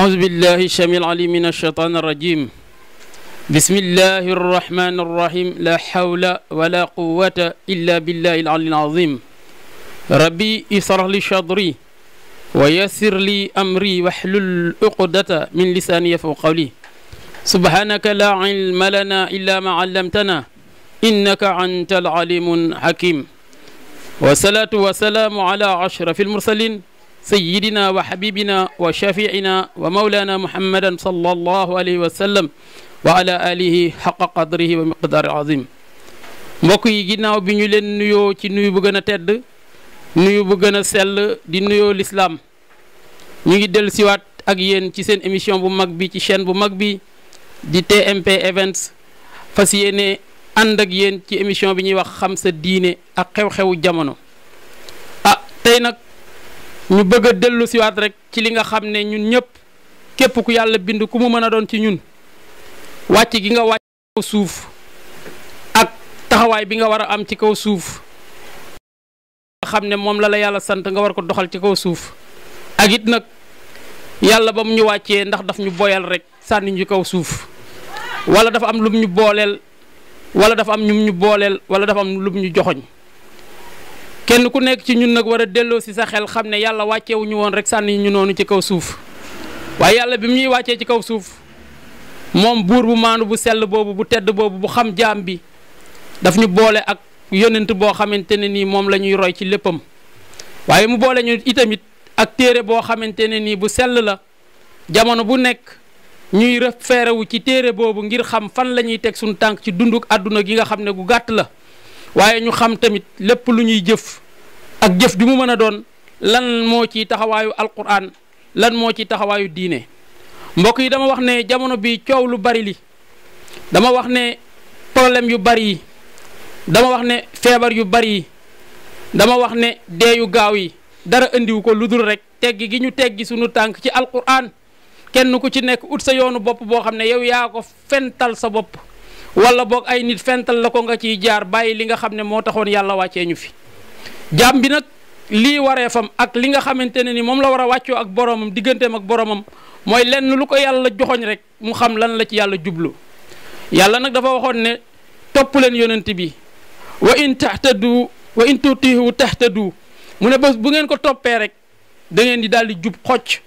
أعوذ بالله السميع العليم من الشيطان الرجيم بسم الله الرحمن الرحيم لا حول ولا قوة إلا بالله العلي العظيم ربي اشرح لي صدري ويسر لي أمري واحلل عقدة من لساني يفقهوا قولي سبحانك لا علم لنا إلا ما علمتنا إنك أنت العليم الحكيم والصلاة والسلام على أشرف المرسلين سيدنا وحبيبنا وشفيعنا ومولانا محمدا صلى الله عليه وسلم وعلى آله حق قدره ومقدار عظيم موكي جينا وبنيو لن نيو تي نيو بغنا تد نيو بغنا سل دي نيو الإسلام نيو دل سيوات أجيين تي سين اميشيون بو مكبي تي شين بو مكبي دي تي ام بي ايفنس فسييني اندك يين تي اميشيون بي ني وخ خمسة ديني اقيو خيو جامنو ا تي نك ñu bëgg a dellu siwaat rek ci li nga xam ne ñun ñëpp képp ku yàlla bind ku mu mën a doon ci ñun wàcc gi nga wàcc suuf ak taxawaay bi nga war a am ci kaw suuf nga xam ne moom la la yàlla sant nga war ko doxal ci kaw suuf ak it nag yàlla ba mu ñu wàccee ndax daf ñu booyal rek sànni ñu kaw suuf wala dafa am lum ñu booleel wala dafa am ñum ñu booleel wala dafa am lum ñu joxoñ kenn ku nekk ci ñun nag war a delloo si sa xel xam ne yàlla wàccewu woon rek sànni ñu noonu ci kaw suuf waaye yàlla bi mu ñuy wàccee ci kaw suuf moom buur bu maanu bu sell boobu bu tedd boobu bu xam jaam bi daf ñu boole ak yonent boo xamante ne nii moom la ñuy roy ci léppam waaye mu boole ñu itamit ak téere boo xamante ne nii bu sell la jamono bu nekk ñuy refeerewu ci téere boobu ngir xam fan la ñuy teg suñu tànk ci dunduk àdduna gi nga xam ne gu gàtt la waaye ñu xam tamit lépp lu ñuy jëf ak jëf du mu mën a doon lan moo ci taxawaayu alquran lan moo ci taxawaayu diine mbokk yi dama wax ne jamono bi coow lu bari li dama wax ne problème yu bari yi dama wax ne feebar yu bari yi dama wax ne dee yu gaaw yi dara indiwu ko lu dul rek teggi gi ñu teggi sunu tànk ci alquran kenn ku ci nekk ut sa yoonu bopp boo xam ne yow yaa ko fental sa bopp wala boog ay nit fental la ko nga ciy jaar bàyyi li nga xam ne moo taxoon yàlla wàccee ñu fi jaam bi nag lii fam ak li nga xamante ne ni moom la war a wàccoo ak boroomam digganteem ak boroomam mooy lenn lu ko yàlla joxoñ rek mu xam lan la ci yàlla jublu yàlla nag dafa waxoon ne topp leen yonent bi wa in tahtadu wa in tutihu tahtadu mu ne bés bu ngeen ko toppee rek da ngeen di daal di jub xocc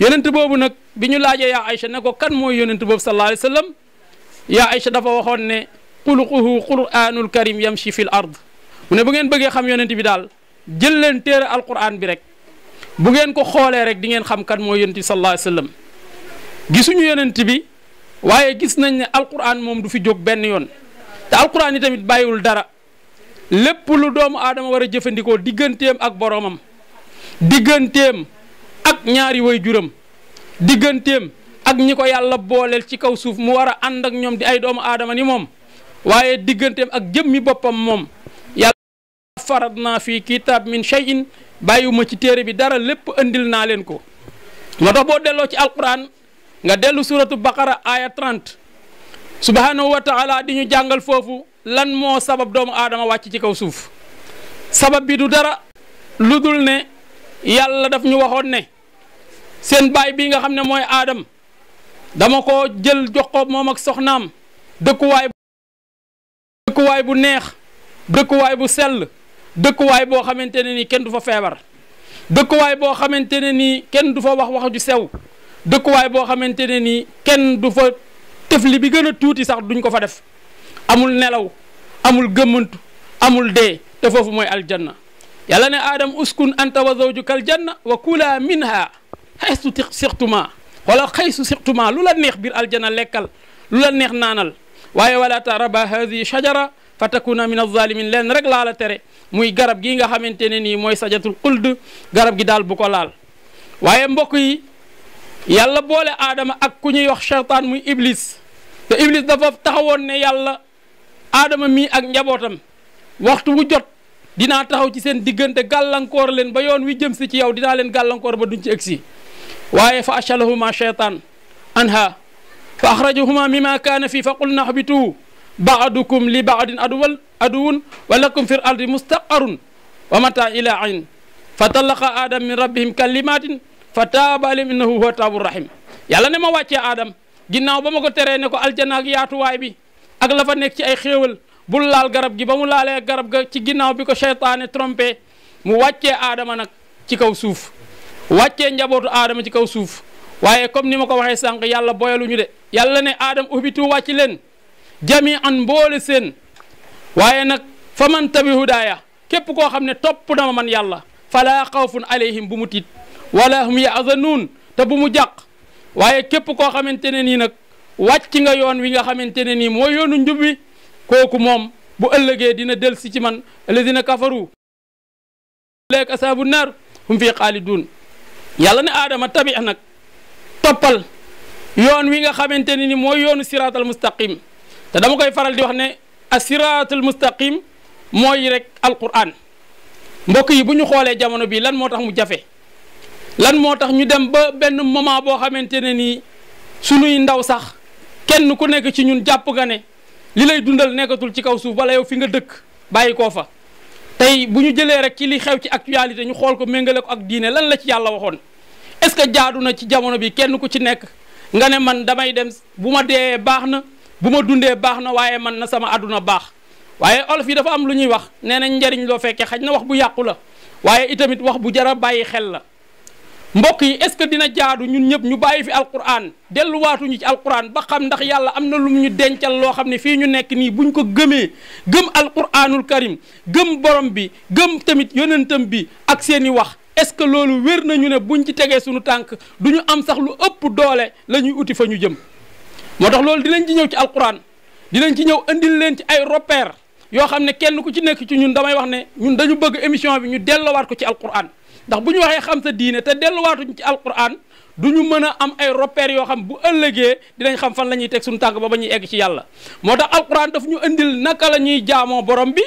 yonent boobu nag bi ñu laajee yaa Aïcha ne ko kan mooy yonent boobu sallallahu alayhi wa yaa Aïcha dafa waxoon ne xuluquhu quraanul karim yamshi fil ard mu ne bu ngeen bëggee xam yonent bi daal jël leen téere alquran bi rek bu ngeen ko xoolee rek di ngeen xam kan mooy yonent bi sallallahu gisuñu yonent bi waaye gis nañ ne alquran moom du fi jóg benn yoon te alquran yi tamit bàyyiwul dara lépp lu doomu aadama war a jëfandikoo digganteem ak boroomam digganteem ak ñaari way juram digganteem ak ñi ko yàlla booleel ci kaw suuf mu wara and ak ñom di ay doomu adama ni mom waaye digeentem ak jëmmi boppam moom yàlla farad naa kitab min shay'in bayuma ci téré bi dara lepp andil na len ko moo bo delo delloo ci alquran nga delu suratu baqara aya 30 subhanahu wa taala di ñu jangal fofu lan mo sabab doomu adama wacc ci kaw suuf sabab bi du dara ludul ne yalla daf ñu waxoon ne sen baay bi nga xamne moy Adam. dama ko jël jox ko moom ak soxnaam dëkkuwaay dëkkuwaay bu neex dëkkuwaay bu sell dëkkuwaay boo xamante ni kenn du fa feebar dëkkuwaay boo xamante ni kenn du fa wax wax ju sew dëkkuwaay boo xamante ni kenn du fa tëfli bi gën tuuti sax duñ ko fa def amul nelaw amul gëmmantu amul dee te foofu mooy aljanna yàlla ne aadam uskun anta wa zawjuka aljanna wa kula minha haythu siqtuma ولا قيس سقطما لولا نيخ بير الجنة لكال لولا نيخ نانال واي ولا تربى هذه شجرة فتكون من الظالمين لن رجل على تري موي غرب جينغا خامنتيني ني موي سجدة القلد غرب جي دال بوكو لال واي مبوكي يالا بولي ادم اك كوني يوخ شيطان موي ابليس te iblis dafa taxawon ne yalla adama mi ak njabotam waxtu wu jot dina taxaw ci sen digeunte galankor len ba yon wi jëm ci yow dina len galankor ba duñ ci exi واي فاشلهما شيطان انها فاخرجهما مما كان في فقلنا اهبطوا بعضكم لبعض ادول ادون ولكم في الارض مستقر ومتى الى عين فتلقى ادم من ربهم كلمات فتاب عليهم انه هو تاب الرحيم يلا نما واتي ادم جيناو بامكو تري نكو الجنه اك ياتو واي بي اك لا فا نيك اي خيول بول لال غرب جي بامو لالي غرب شيطان ترومبي مو ادم أنا كيكو سوف wàccee njabootu aadama ci kaw suuf waaye comme ni ma ko waxee sànq yàlla ñu de yàlla ne aadama uhbitu wàcc leen jami an mboole seen waaye nag fa man tabi hudaaya képp koo xam ne topp na ma man yàlla falaa xawfun alayhim bu mu tiit wala hum yahzanuun te bu mu jàq waaye képp koo xamante ne nii nag wàcc nga yoon wi nga xamante ne nii mooy yoonu njub wi kooku moom bu ëllëgee dina si ci man dina kafaru ulaika asaabu naar hum fi xaaliduun yàlla ne aadama tabi nag toppal yoon wi nga xamante ne ni mooy yoonu siraatal mustaqim te dama koy faral di wax ne a siraatul mustaqim mooy rek alquran mbokk yi bu ñu xoolee jamono bii lan moo tax mu jafe lan moo tax ñu dem ba benn moment boo xamante ne nii sunuy ndaw sax kenn ku nekk ci ñun jàpp nga ne li lay dundal nekkatul ci kaw suuf wala yow fi nga dëkk bàyyi koo fa tey bu ñu jëlee rek ci li xew ci actualité ñu xool ko méngale ko ak diine lan la ci yàlla waxoon est-ce que jaadu na ci jamono bi kenn ku ci nekk nga ne man damay dem bu ma dee baax na bu ma dundee baax na waaye man na sama àdduna baax waaye olof yi dafa am lu ñuy wax nee nañ njariñ loo fekkee xaj na wax bu yàqu la waaye itamit wax bu jara bàyyi xel la mbokk yi est-ce que dina jaadu ñun ñëpp ñu bàyyi fi alquran delluwaatuñu ci alquran ba xam ndax yàlla am na lu lum ñu dencal loo xam ne fii ñu nekk nii buñ ko gëmee gëm alquranul karim gëm borom bi gëm tamit yonentam bi ak seeni wax est-ce que loolu wér nañu ne buñ ci tegee suñu tànk du ñu am sax lu ëpp doole la ñuy uti fa ñu jëm moo tax loolu dinañ ci ñëw ci alquran dinañ ci ñëw indil leen ci ay repères yoo xam ne kenn ku ci nekk ci ñun damay wax ne ñun dañu bëgg émission bi ñu delluwaat ko ci alquran ndax bu ñu waxee xam sa diine te delluwaatuñ ci alquran du ñu mën a am ay repères yoo xam bu ëllëgee dinañ xam fan la ñuy teg suñu tànk ba ba ñuy egg ci yàlla moo tax alquran daf ñu indil naka la ñuy jaamoo borom bi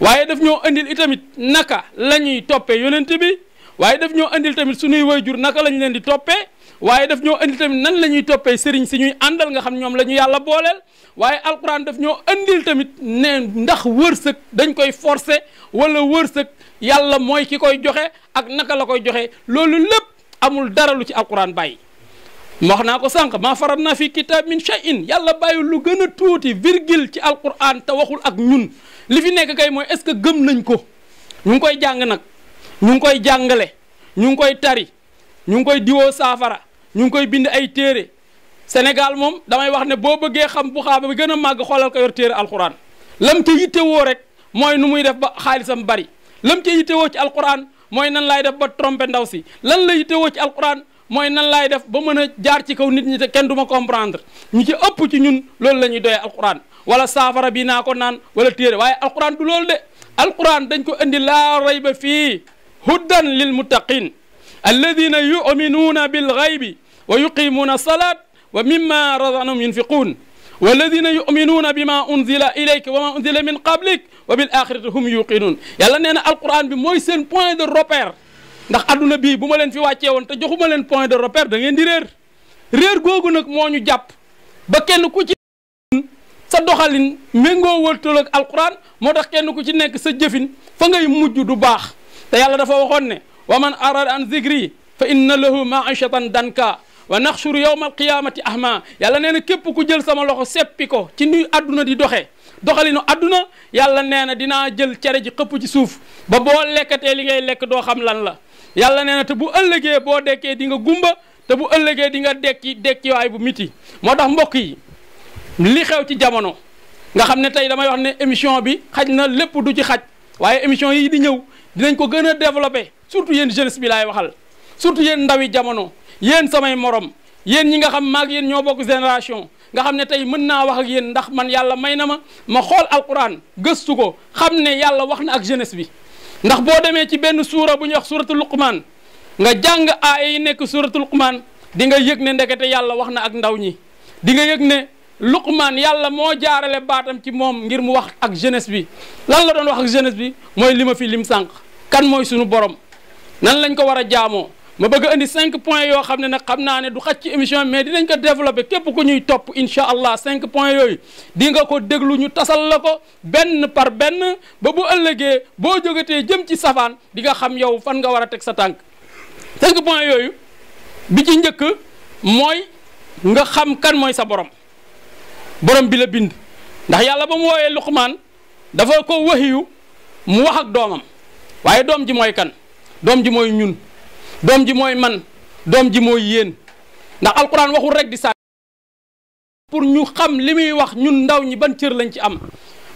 waaye daf ñoo indil itamit naka la ñuy toppee yonent bi waaye daf ñoo indil tamit suñuy jur naka lañu leen di toppee waaye daf ñoo andil tamit nan la ñuy toppee sëriñ si ñuy àndal nga xam ñoom la ñu yàlla booleel waaye alquran daf ñoo indil tamit ne ndax wërsëg dañ koy forcer wala wërsëg yàlla mooy ki koy joxe ak naka la koy joxe loolu lépp amul dara lu ci alquran bàyyi. wax naa ko sànq maa farat naa fi kitab min shay'in yàlla bàyyi lu gën a tuuti virgule ci alquran te waxul ak ñun li fi nekk kay mooy est-ce que gëm nañ ko ñu koy jàng nag. ñu koy jàngale ñu ngi koy tari ñu ngi koy diwoo saafara ñu ngi koy bind ay téere Sénégal moom damay wax ne boo bëggee xam bu xaaba bi gën a màgg xoolal ko yor téere alxuraan lam ca yittewoo rek mooy nu muy def ba xaalisam bari lam ca yittewoo ci alxuraan mooy nan laay def ba tromper ndaw si lan la yittewoo ci alxuraan mooy nan laay def ba mën a jaar ci kaw nit ñi te kenn du ma comprendre ñu ci ëpp ci ñun loolu la ñuy doyee alxuraan wala saafara bi naa ko naan wala téere waaye alxuraan du loolu de alxuraan dañ ko indi laa ba fii هدى للمتقين الذين يؤمنون بالغيب ويقيمون الصلاة ومما رزقناهم ينفقون والذين يؤمنون بما أنزل إليك وما أنزل من قبلك وبالآخرة هم يوقنون يلا نينا القرآن بموي سين بوين دو روبير ndax aduna bii bu ma leen fi wàccee woon te joxuma leen point de repère da ngeen di réer réer googu nag moo ñu jàpp ba kenn ku ci sa doxalin méngoo wërtal ak alquran moo kenn ku ci nekk sa jëfin fa ngay mujj du baax تيالا دا فو ومن اراد ان ذكري فان له معيشه دنكا ونحشر يوم القيامه احما يالا نينا كيب كو جيل سما لوخو سيبيكو تي نوي ادونا دي دوخه دوخالينو ادونا يالا نينا دينا جيل تيري جي خبو جي سوف با بو ليكاتي لي غي ليك دو خام لان لا يالا نينا تي بو الليغي بو ديكي ديغا غومبا تي بو الليغي ديغا ديكي ديكي واي بو ميتي موتاخ مبوكي لي خيو تي جامونو nga xamne tay dama wax ne émission bi xajna lepp du ci xaj waye émission yi di ñew dinañ ko gën a développé surtout yéen jeunesse bi laay waxal surtout yéen ndawi jamono yéen samay morom yéen ñi nga xam maag yéen ñoo bokk génération nga xam ne tey mën naa wax ak yéen ndax man yàlla may na ma ma xool alquran gëstu ko xam ne yàlla wax na ak jeunesse bi ndax boo demee ci benn suura bu ñuy wax suuratu luqmaan nga jàng aaya yi nekk suuratu luqmaan di nga yëg ne ndekete yàlla wax na ak ndaw ñi di nga yëg ne luqmaan yàlla moo jaarale baatam ci moom ngir mu wax ak jeunesse bi lan la doon wax ak jeunesse bi mooy li ma fi lim sànq kan mooy sunu borom nan lañ ko war a jaamoo ma bëgg indi cinq points yoo xam ne nag xam naa ne du xaj ci émission mais dinañ ko développé képp ku ñuy topp incha allah cinq points yooyu di nga ko déglu ñu tasal la ko benn par benn ba bu ëllëgee boo jógatee jëm ci safaan di nga xam yow fan nga war a teg sa tànk cinq points yooyu bi ci njëkk mooy nga xam kan mooy sa borom borom bi la bind ndax yàlla ba mu wooyee luqmaan dafa ko waxiyu mu wax ak doomam waaye doom ji mooy kan doom ji mooy ñun doom ji mooy man doom ji mooy yéen ndax alquran waxul rek di saa pour ñu xam li muy wax ñun ndaw ñi ban cër lañ ci am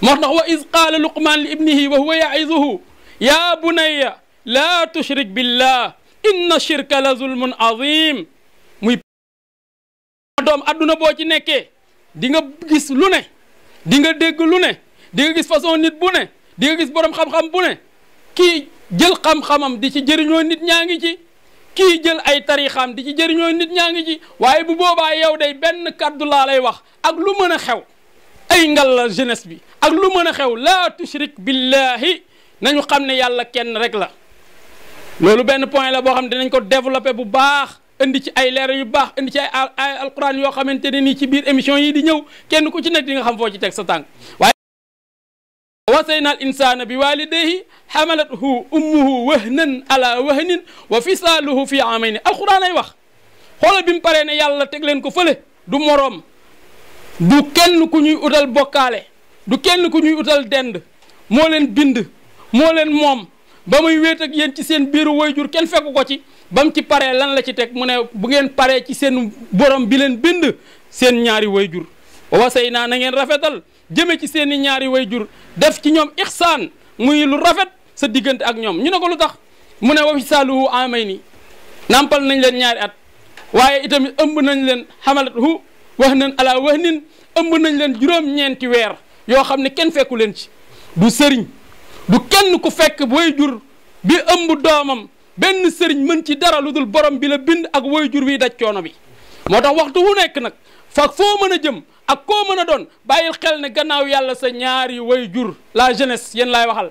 moo tax wa iz qaala luqmaan li ibnihi wa huwa yaizuhu ya bunayya laa tushrik billah inna shirka la zulmun azim muy doom adduna boo ci nekkee di gis lu ne dinga nga dégg lu ne di gis façon nit bu ne di gis borom xam-xam bu ne kii jël xam-xamam di ci jëriñoo nit ñaa ngi ci kii jël ay tarixam di ci jëriñoo nit ñaa ngi ci waaye bu boobaa yow day benn kàddu laa lay wax ak lu mën a xew ay ngalal jeunesse bi ak lu mën a xew laa tushrik billahi nañu xam ne yàlla kenn rek la loolu benn point la boo xam ne dinañ ko développé bu baax indi ci ay leer yu baax indi ci ay ay alquran yoo xamante ne nii ci biir émission yi di ñëw kenn ku ci nekk di nga xam foo ci teg sa tànk ووصينا الإنسان بوالديه حملته أمه وهنا على وهن وفصاله في عامين القرآن أي wax xoolal bi mu paree ne yàlla teg leen ko fële du moroom du kenn ku ñuy utal bokkaale du kenn ku ñuy utal dend moo leen bind moo leen moom ba muy wéet ak yéen ci seen biiru wayjur kenn fekku ko ci ba mu ci paree lan la ci teg mu ne bu ngeen paree ci seen borom bi leen bind seen ñaari wayjur wasay naa na ngeen rafetal jëme ci seen i ñaari wayjur def ci ñoom ixsaan muy lu rafet sa diggante ak ñoom ñu ne ko lu tax mu ne wa fisaaluhu nii nampal nañ leen ñaari at waaye itamit ëmb nañ leen wax xamalathu wahnan ala wahnin ëmb nañ leen juróom-ñeenti weer yoo xam ne kenn fekku leen ci du sëriñ du kenn ku fekk wayjur bi ëmb doomam benn sëriñ mën ci dara lu dul borom bi la bind ak wayjur wi daj coono bi moo tax waxtu wu nekk nag fa foo mën a jëm ak koo mën a doon bàyyil xel ne gannaaw yàlla sa ñaari way jur la jeunesse yéen laay waxal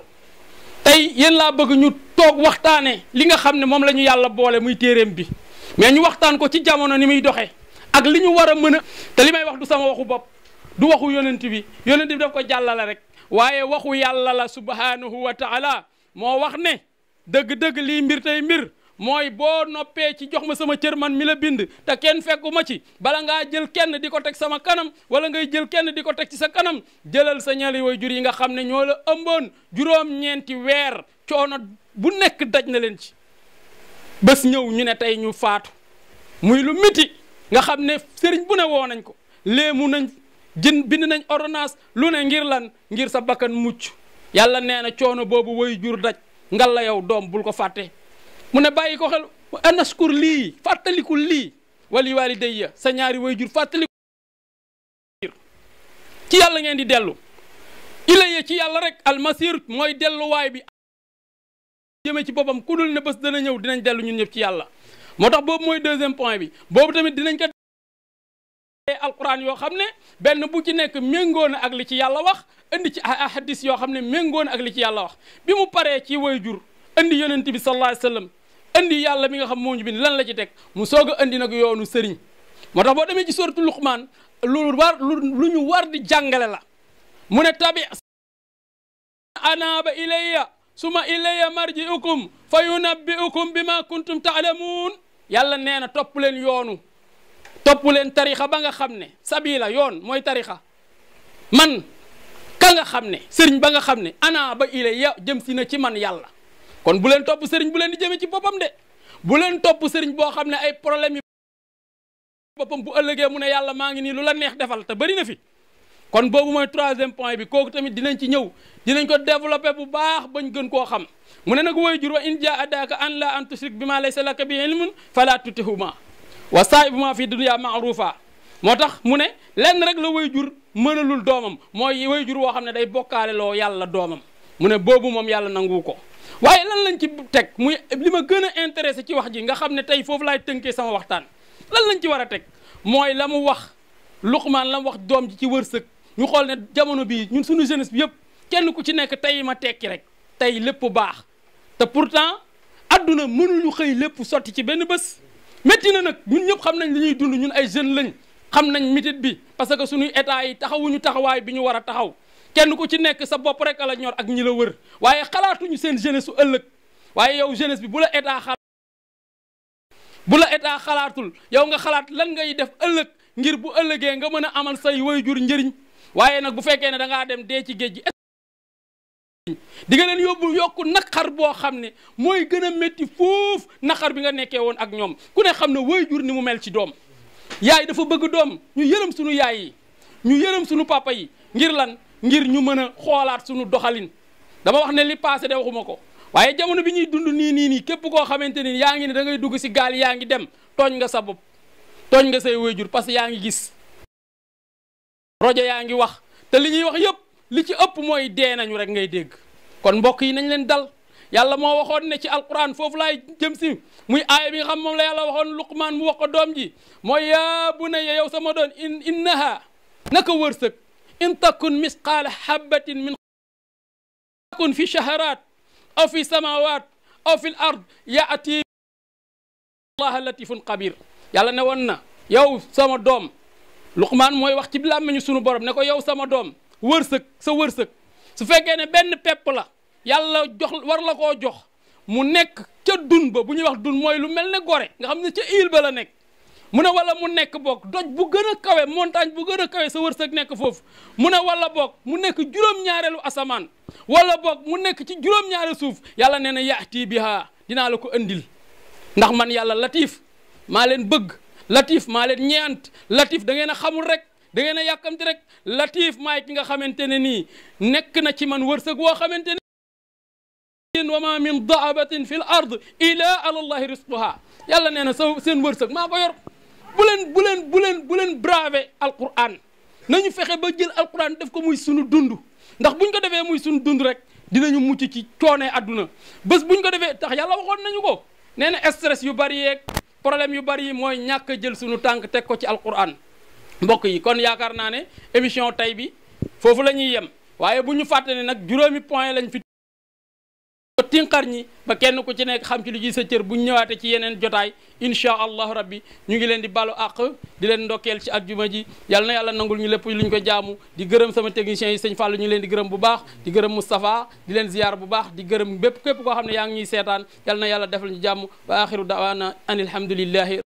tey yéen laa bëgg ñu toog waxtaane li nga xam ne moom la ñu yàlla boole muy téereem bi mais ñu waxtaan ko ci jamono ni muy doxee ak li ñu war a mën a te li may wax du sama waxu bopp du waxu yonent bi yonent bi daf ko jàllale rek waaye waxu yàlla la subhanahu wa taala moo wax ne dëgg-dëgg lii mbir tey mbir moy bo noppé ci jox ma sama cër man mi la bind te kenn fekkuma ma ci bala nga jël kenn di tek sama kanam wala ngay jël kenn di tek ci sa kanam jëlal sa ñaari yoy jur yi nga xamné ne la ëmbon juroom ñenti wër coono bu nekk daj na len ci bës ñew ñu né tay ñu faatu muy lu miti nga xamné ne sëriñ bu né wo nañ ko léemu nañ jinn bind nañ ordonnance lu né ngir lan ngir sa bakkan muccu yalla néna na coono boobu way jur daj ngal la yow dom bul ko faté mu ne bàyyi ko xel anaskur lii fàttaliku lii wali walidayya sa ñaari wayjur fàttaliku ci yàlla ngeen di dellu ilayya ci yàlla rek almasir mooy delluwaay bi jëmee ci boppam ku dul ne bés dana ñëw dinañ dellu ñun ñëpp ci yàlla moo tax boobu mooy deuxième point bi boobu tamit dinañ ko alquran yoo xam ne benn bu ci nekk méngoo ak li ci yàlla wax indi ci ahadis yoo xam ne méngoo ak li ci yàlla wax bi mu paree ci way jur indi yonent bi sallallahu wa andi yàlla mi nga xam moo ñu bind lan la ci teg mu soog a yoonu sëriñ moo tax demee ci sortu luqmaan lu war lu ñu war di jàngale la mu ne tabi anaaba ilayya suma ilayya marji'ukum fa yunabbi'ukum bima kuntum ta'lamun yàlla nee na topp leen yoonu topp leen tarixa ba nga xam ne sabila yoon mooy tarixa man ka nga xam ne sëriñ ba nga xam ne ana ba ilayya jëm si na ci man yàlla kon bu leen topp sëriñ bu leen di jëmee ci boppam de bu leen topp sëriñ boo xam ne ay problème yi boppam bu ëllëgee mu ne yàlla maa ngi nii lu la neex defal te bëri na fi kon boobu mooy troisième point bi kooku tamit dinañ ci ñëw dinañ ko développé bu baax bañ gën koo xam mu ne nag woy jur wa in jaa adaka an la an tushrik bi ma laysa laka bi ilmun fala tutihuma wa saahibuma fi dunya maarufa moo tax mu ne lenn rek la woy jur mënalul doomam mooy woy jur woo xam ne day bokkaale yàlla doomam mu ne boobu moom yàlla nangu ko waaye lan lañ ci teg muy li ma gën a intéressé ci wax ji nga xam ne tey foofu laay tënkee sama waxtaan lan lañ ci war a teg mooy la mu wax Luqmaan la mu wax doom ji ci wërsëg ñu xool ne jamono bii ñun suñu jeunesse bi yëpp kenn ku ci nekk tey ma tekki rek tey lépp baax te pourtant adduna mënuñu xëy lépp sotti ci benn bés métti na nag ñun ñëpp xam nañ li dund ñun ay jeunes lañ xam nañ métit bi parce que suñuy état yi taxawuñu taxawaay bi ñu war a taxaw kenn ku ci nekk sa bopp rek la ñor ak ñi la wër waaye xalaatuñu seen jeunesse su ëllëg waaye yow jeunesse bi bu la état xalaat bu la xalaatul yow nga xalaat lan ngay def ëllëg ngir bu ëllëgee nga mën a amal say jur njëriñ waaye nag bu fekkee ne da ngaa dem dee ci géej gi di nga leen yóbbu yokku naqar boo xam ne mooy gën a métti foofu naqar bi nga nekkee woon ak ñoom ku ne xam ne jur ni mu mel ci doom yaay dafa bëgg doom ñu yërëm sunu yaay yi ñu yërëm sunu papa yi ngir lan ngir ñu mën a xoolaat sunu doxalin dama wax ne li passé de waxuma ko waaye jamono bi ñuy dund nii nii nii képp koo xamante ni yaa ngi ne da ngay dugg si gaal yaa ngi dem tooñ nga sa bopp tooñ nga say wéyjur parce que yaa ngi gis rojo yaa ngi wax te li ñuy wax yëpp li ci ëpp mooy dee nañu rek ngay dégg kon mbokk yi nañ leen dal yàlla moo waxoon ne ci alquran foofu laay jëm si muy aaya bi xam moom la yàlla waxoon luqmaan mu wax ko doom ji mooy yaa bu ne yow sama doon in innaha naka wërsëg إن تكن مثقال حبة من تكن في شهرات أو في سماوات أو في الأرض يأتي الله التي في القبير يلا نوانا يو سما دوم لقمان موي وقت بلا من يسون برم نكو يو سما دوم ورسك سو ورسك su fekkee ne benn pepp la yàlla jox war la koo jox mu nekk ca dun ba bu ñuy wax dun mooy lu mel mu ne wala mu nekk boog doj bu gën a kawe montagne bu gën a kawe sa wërsëg nekk foofu mu ne wala boog mu nekk juróom-ñaareelu wala boog mu nekk ci juróom suuf yàlla nee na bi biha dinaa la ko andil ndax man yàlla latiif maa leen bëgg latif maa leen ñeent latif da ngeen a xamul rek da ngeen a yàkkamti rek latif maay ki nga xamante ne nii nekk na ci man wërsëg woo xamante ne wa ma min daabatin fi l ard ila ala allahi risquha yàlla nee na sa seen wërsëg maa ko yor bu leen bu leen bu leen bu leen braver nañu fexe ba jël alquran def ko muy sunu dund ndax buñ ko defee muy sunu dund rek dinañu mucc ci coonee adduna bés buñ ko defee tax yàlla waxoon nañu ko nee na stress yu bari yeeg problème yu bari yi mooy ñàkk a jël sunu tànk teg ko ci alquran mbokk yi kon yaakaar naa ne émission tey bi foofu la ñuy yem waaye bu ñu fàtte ne nag juróomi point lañ fi. tinkar ñi ba kenn ku ci nekk xam ci lu ci sa cër bu ñëwaate ci yeneen jotaay insha allah rabbi ñu ngi leen di balu àq di leen ndokkeel ci juma ji yàlla na yàlla nangul ñu lépp luñ ko jaamu di gërëm sama technicien yi sëñ Fallou ñu leen di gërëm bu baax di gërëm mustafa di leen ziar bu baax di gërëm bépp képp koo xam ne yaa ngi ñuy seetaan yàlla na yàlla defal ñu jàmm ba axiru dawaana anilhamdulillahi